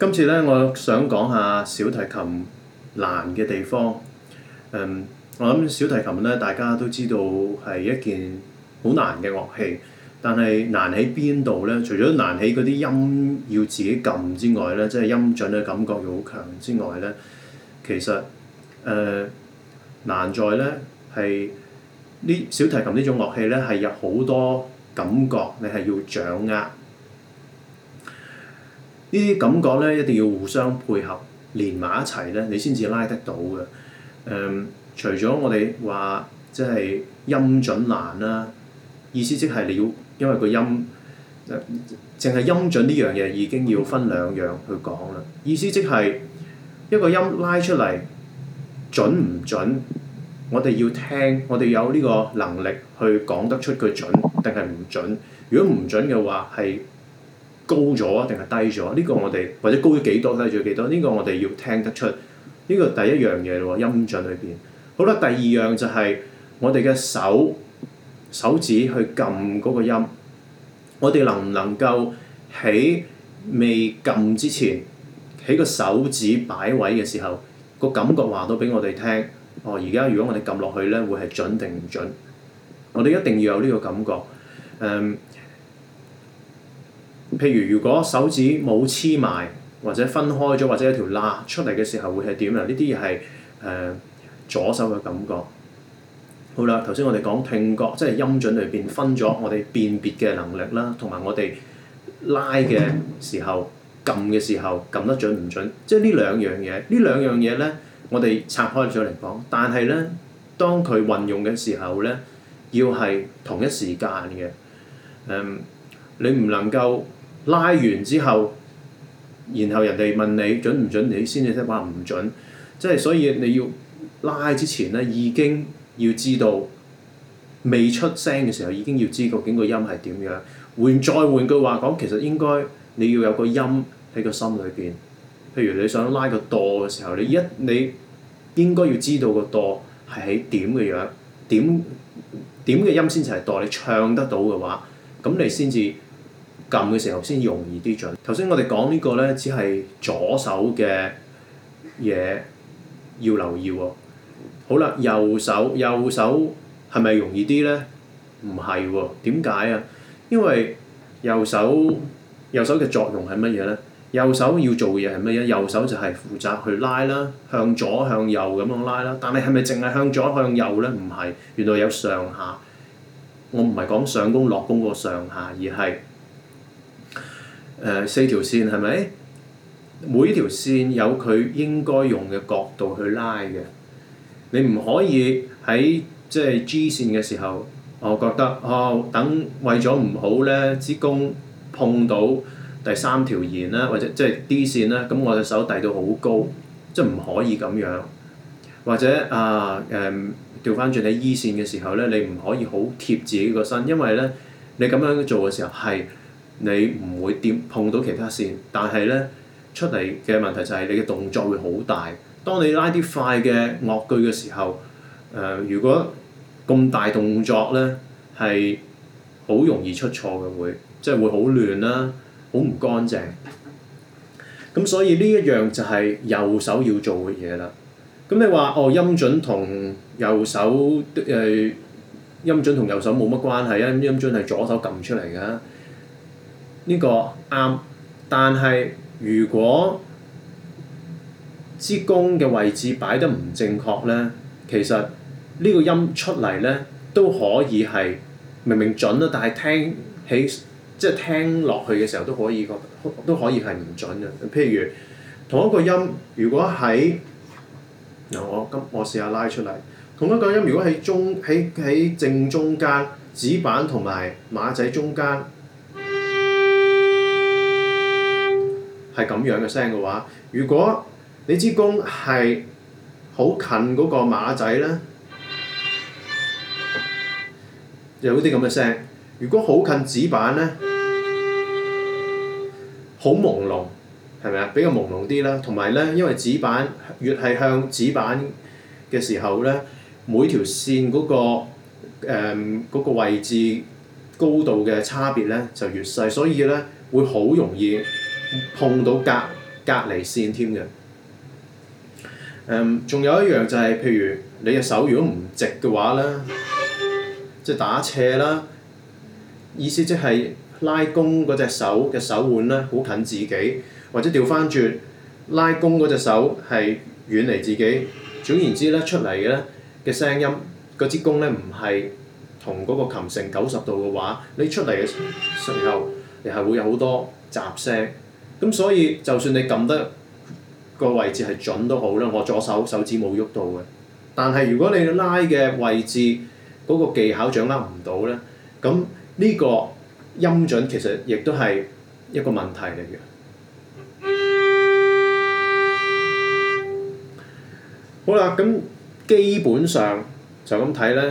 今次咧，我想講下小提琴難嘅地方。嗯，我諗小提琴咧，大家都知道係一件好難嘅樂器。但係難喺邊度咧？除咗難喺嗰啲音要自己撳之外咧，即係音準嘅感覺要好強之外咧，其實誒、呃、難在咧係呢小提琴呢種樂器咧，係有好多感覺你係要掌握。呢啲感覺咧一定要互相配合連埋一齊咧，你先至拉得到嘅。誒、嗯，除咗我哋話即係音準難啦、啊，意思即係你要因為個音，淨、呃、係音準呢樣嘢已經要分兩樣去講啦。意思即係一個音拉出嚟準唔準，我哋要聽，我哋有呢個能力去講得出佢準定係唔準。如果唔準嘅話係，高咗定係低咗？呢個我哋或者高咗幾多、低咗幾多？呢個我哋要聽得出。呢個第一樣嘢咯，音準裏邊。好啦，第二樣就係我哋嘅手手指去撳嗰個音。我哋能唔能夠喺未撳之前，喺個手指擺位嘅時候，個感覺話到俾我哋聽。哦，而家如果我哋撳落去呢，會係準定唔準？我哋一定要有呢個感覺。誒。譬如如果手指冇黐埋，或者分開咗，或者有條罅出嚟嘅時候會，會係點啊？呢啲嘢係誒左手嘅感覺。好啦，頭先我哋講聽覺，即係音準裏邊分咗我哋辨別嘅能力啦，同埋我哋拉嘅時候、撳嘅時候撳得準唔準。即係呢兩樣嘢，呢兩樣嘢咧，我哋拆開咗嚟講，但係咧，當佢運用嘅時候咧，要係同一時間嘅。誒、嗯，你唔能夠～拉完之後，然後人哋問你準唔準你，你先至識話唔準。即係所以你要拉之前咧，已經要知道未出聲嘅時候已經要知究竟個音係點樣。換再換句話講，其實應該你要有個音喺個心裏邊。譬如你想拉個度嘅時候，你一你應該要知道個度係喺點嘅樣，點點嘅音先至係度。你唱得到嘅話，咁你先至。撳嘅時候先容易啲準。頭先我哋講呢個咧，只係左手嘅嘢要留意喎、哦。好啦，右手右手係咪容易啲咧？唔係喎，點解啊？因為右手右手嘅作用係乜嘢咧？右手要做嘅嘢係乜嘢？右手就係負責去拉啦，向左向右咁樣拉啦。但係係咪淨係向左向右咧？唔係，原來有上下。我唔係講上弓落弓個上下，而係。誒、呃、四條線係咪？每條線有佢應該用嘅角度去拉嘅。你唔可以喺即係 G 線嘅時候，我、哦、覺得哦，等為咗唔好咧，支弓碰到第三條弦啦，或者即係 D 線啦，咁我隻手遞到好高，即係唔可以咁樣。或者啊誒，掉返轉喺 E 線嘅時候咧，你唔可以好貼自己個身，因為咧你咁樣做嘅時候係。你唔會點碰到其他線，但係咧出嚟嘅問題就係你嘅動作會好大。當你拉啲快嘅樂句嘅時候，誒、呃、如果咁大動作咧係好容易出錯嘅，會即係會好亂啦，好唔乾淨。咁所以呢一樣就係右手要做嘅嘢啦。咁你話哦音準同右手誒音準同右手冇乜關係啊？音準係、呃、左手撳出嚟㗎。呢個啱，但係如果支弓嘅位置擺得唔正確咧，其實呢個音出嚟咧都可以係明明準啦，但係聽起，即係聽落去嘅時候都可以覺得，都可以係唔準嘅。譬如同一個音，如果喺嗱，我今我試下拉出嚟，同一個音如果喺中喺喺正中間指板同埋馬仔中間。係咁樣嘅聲嘅話，如果你支弓係好近嗰個馬仔咧，有啲咁嘅聲；如果好近指板咧，好朦朧，係咪啊？比較朦朧啲啦，同埋咧，因為指板越係向指板嘅時候咧，每條線嗰個誒嗰個位置高度嘅差別咧就越細，所以咧會好容易。碰到隔隔離線添嘅，誒、嗯，仲有一樣就係、是，譬如你隻手如果唔直嘅話咧，即係打斜啦，意思即係拉弓嗰隻手嘅手腕咧，好近自己，或者調翻轉拉弓嗰隻手係遠離自己。總言之咧，出嚟嘅咧嘅聲音，嗰支弓咧唔係同嗰個琴成九十度嘅話，你出嚟嘅時候，你係會有好多雜聲。咁所以就算你撳得個位置係準都好啦，我左手手指冇喐到嘅。但係如果你拉嘅位置嗰、那個技巧掌握唔到咧，咁呢個音準其實亦都係一個問題嚟嘅。嗯、好啦，咁基本上就咁睇咧，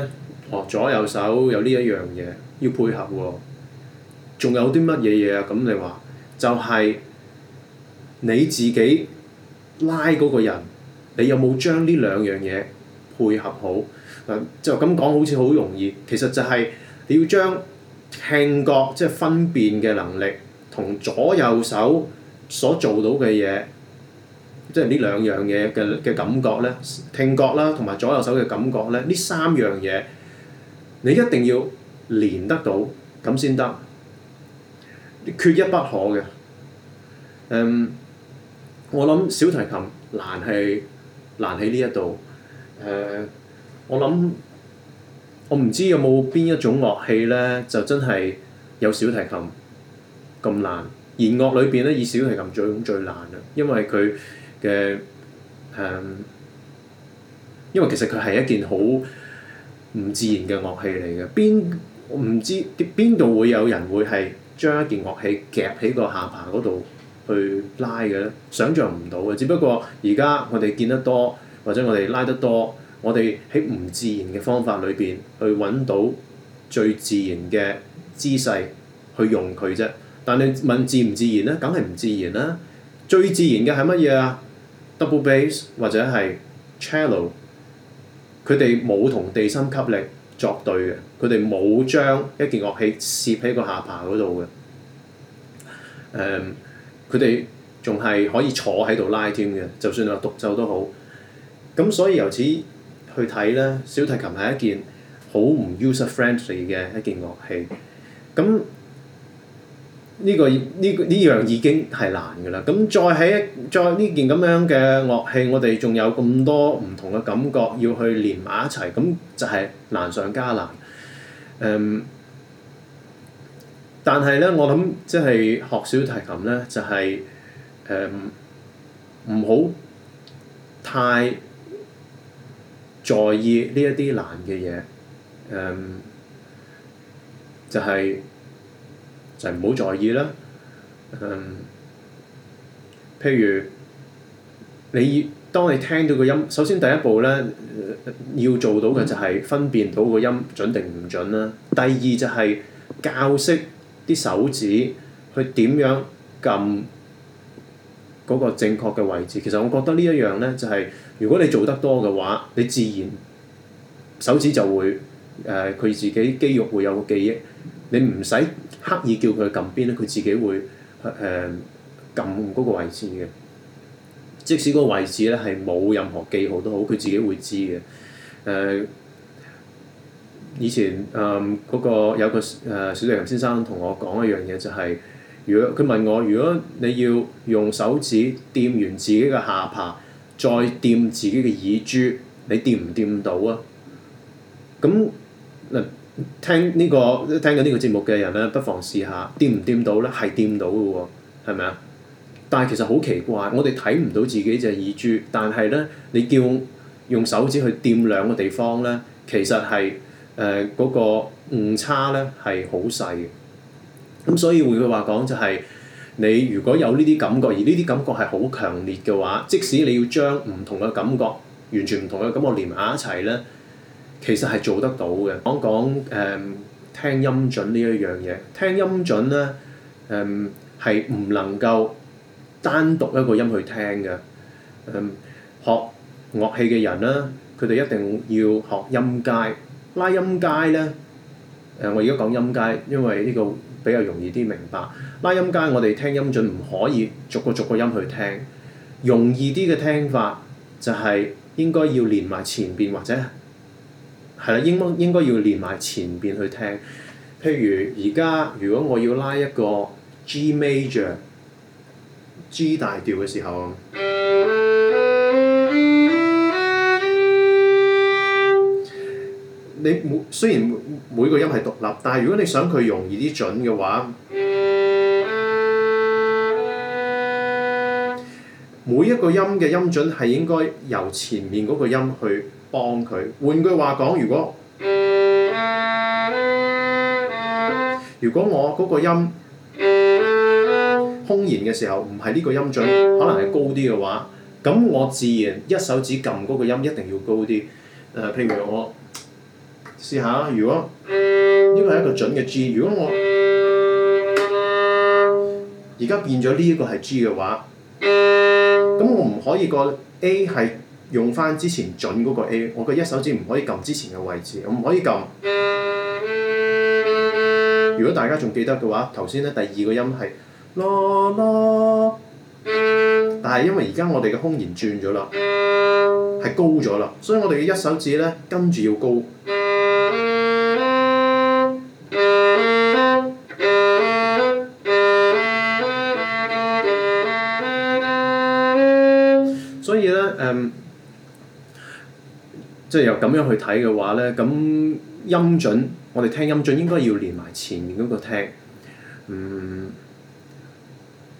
學、哦、左右手有呢一樣嘢要配合喎。仲有啲乜嘢嘢啊？咁你話就係、是。你自己拉嗰個人，你有冇將呢兩樣嘢配合好？嗱，就咁講好似好容易，其實就係你要將聽覺即係分辨嘅能力同左右手所做到嘅嘢，即係呢兩樣嘢嘅嘅感覺咧，聽覺啦，同埋左右手嘅感覺咧，呢三樣嘢你一定要連得到咁先得，缺一不可嘅，嗯。我諗小提琴難係難喺呢一度，誒、呃，我諗我唔知有冇邊一種樂器咧，就真係有小提琴咁難。弦樂裏邊咧，以小提琴最最難啊，因為佢嘅誒，因為其實佢係一件好唔自然嘅樂器嚟嘅。邊，我唔知邊度會有人會係將一件樂器夾喺個下巴嗰度，去拉嘅咧，想像唔到嘅。只不過而家我哋見得多，或者我哋拉得多，我哋喺唔自然嘅方法裏邊去揾到最自然嘅姿勢去用佢啫。但你問自唔自然咧，梗係唔自然啦。最自然嘅係乜嘢啊？Double bass 或者係 cello，佢哋冇同地心吸力作對嘅，佢哋冇將一件樂器攝喺個下巴嗰度嘅。誒、um。佢哋仲係可以坐喺度拉添嘅，就算有話獨奏都好。咁所以由此去睇咧，小提琴係一件好唔 user friendly 嘅一件樂器。咁呢、這個呢呢樣已經係難㗎啦。咁再喺再呢件咁樣嘅樂器，我哋仲有咁多唔同嘅感覺要去連埋一齊，咁就係難上加難。誒、嗯。但係咧，我諗即係學小提琴咧，就係誒唔好太在意呢一啲難嘅嘢，誒、呃、就係、係、就係唔好在意啦。誒、呃，譬如你當你聽到個音，首先第一步咧、呃，要做到嘅就係分辨到個音準定唔準啦、啊。第二就係教識啲手指去點樣撳嗰個正確嘅位置，其實我覺得呢一樣咧就係、是、如果你做得多嘅話，你自然手指就會誒佢、呃、自己肌肉會有個記憶，你唔使刻意叫佢撳邊咧，佢自己會誒撳嗰個位置嘅，即使嗰個位置咧係冇任何記號都好，佢自己會知嘅誒。呃以前誒嗰、嗯那個有個誒、呃、小謝強先生同我講一樣嘢、就係，就係如果佢問我，如果你要用手指掂完自己嘅下巴，再掂自己嘅耳珠，你掂唔掂到啊？咁嗱，聽呢、呢個聽緊呢個節目嘅人咧，不妨試下掂唔掂到咧？係掂到嘅喎、哦，係咪啊？但係其實好奇怪，我哋睇唔到自己隻耳珠，但係咧，你叫用手指去掂兩個地方咧，其實係～誒嗰、呃那個誤差咧係好細嘅，咁、嗯、所以換句話講就係、是、你如果有呢啲感覺，而呢啲感覺係好強烈嘅話，即使你要將唔同嘅感覺完全唔同嘅感覺連埋一齊咧，其實係做得到嘅。講講誒、嗯、聽，聽音準呢一樣嘢，聽音準咧誒係唔能夠單獨一個音去聽嘅。誒、嗯、學樂器嘅人咧，佢哋一定要學音階。拉音階咧，誒、呃、我而家講音階，因為呢個比較容易啲明白。拉音階我哋聽音準唔可以逐個逐個音去聽，容易啲嘅聽法就係應該要連埋前邊或者係啦，應，應該要連埋前邊去聽。譬如而家如果我要拉一個 G major、G 大調嘅時候。你每雖然每個音係獨立，但係如果你想佢容易啲準嘅話，每一個音嘅音準係應該由前面嗰個音去幫佢。換句話講，如果如果我嗰個音空弦嘅時候唔係呢個音準，可能係高啲嘅話，咁我自然一手指撳嗰個音一定要高啲。呃，譬如我。試下如果呢個係一個準嘅 G，如果我而家變咗呢一個係 G 嘅話，咁我唔可以個 A 係用翻之前準嗰個 A，我嘅一手指唔可以撳之前嘅位置，我唔可以撳。如果大家仲記得嘅話，頭先咧第二個音係咯咯，但係因為而家我哋嘅空弦轉咗啦，係高咗啦，所以我哋嘅一手指咧跟住要高。嗯，即係又咁樣去睇嘅話呢，咁音準，我哋聽音準應該要連埋前面嗰個聽。嗯，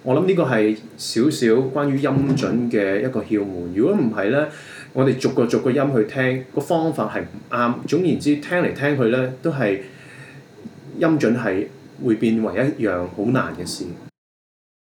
我諗呢個係少少關於音準嘅一個竅門。如果唔係呢，我哋逐個逐個音去聽，個方法係唔啱。總言之，聽嚟聽去呢，都係音準係會變為一樣好難嘅事。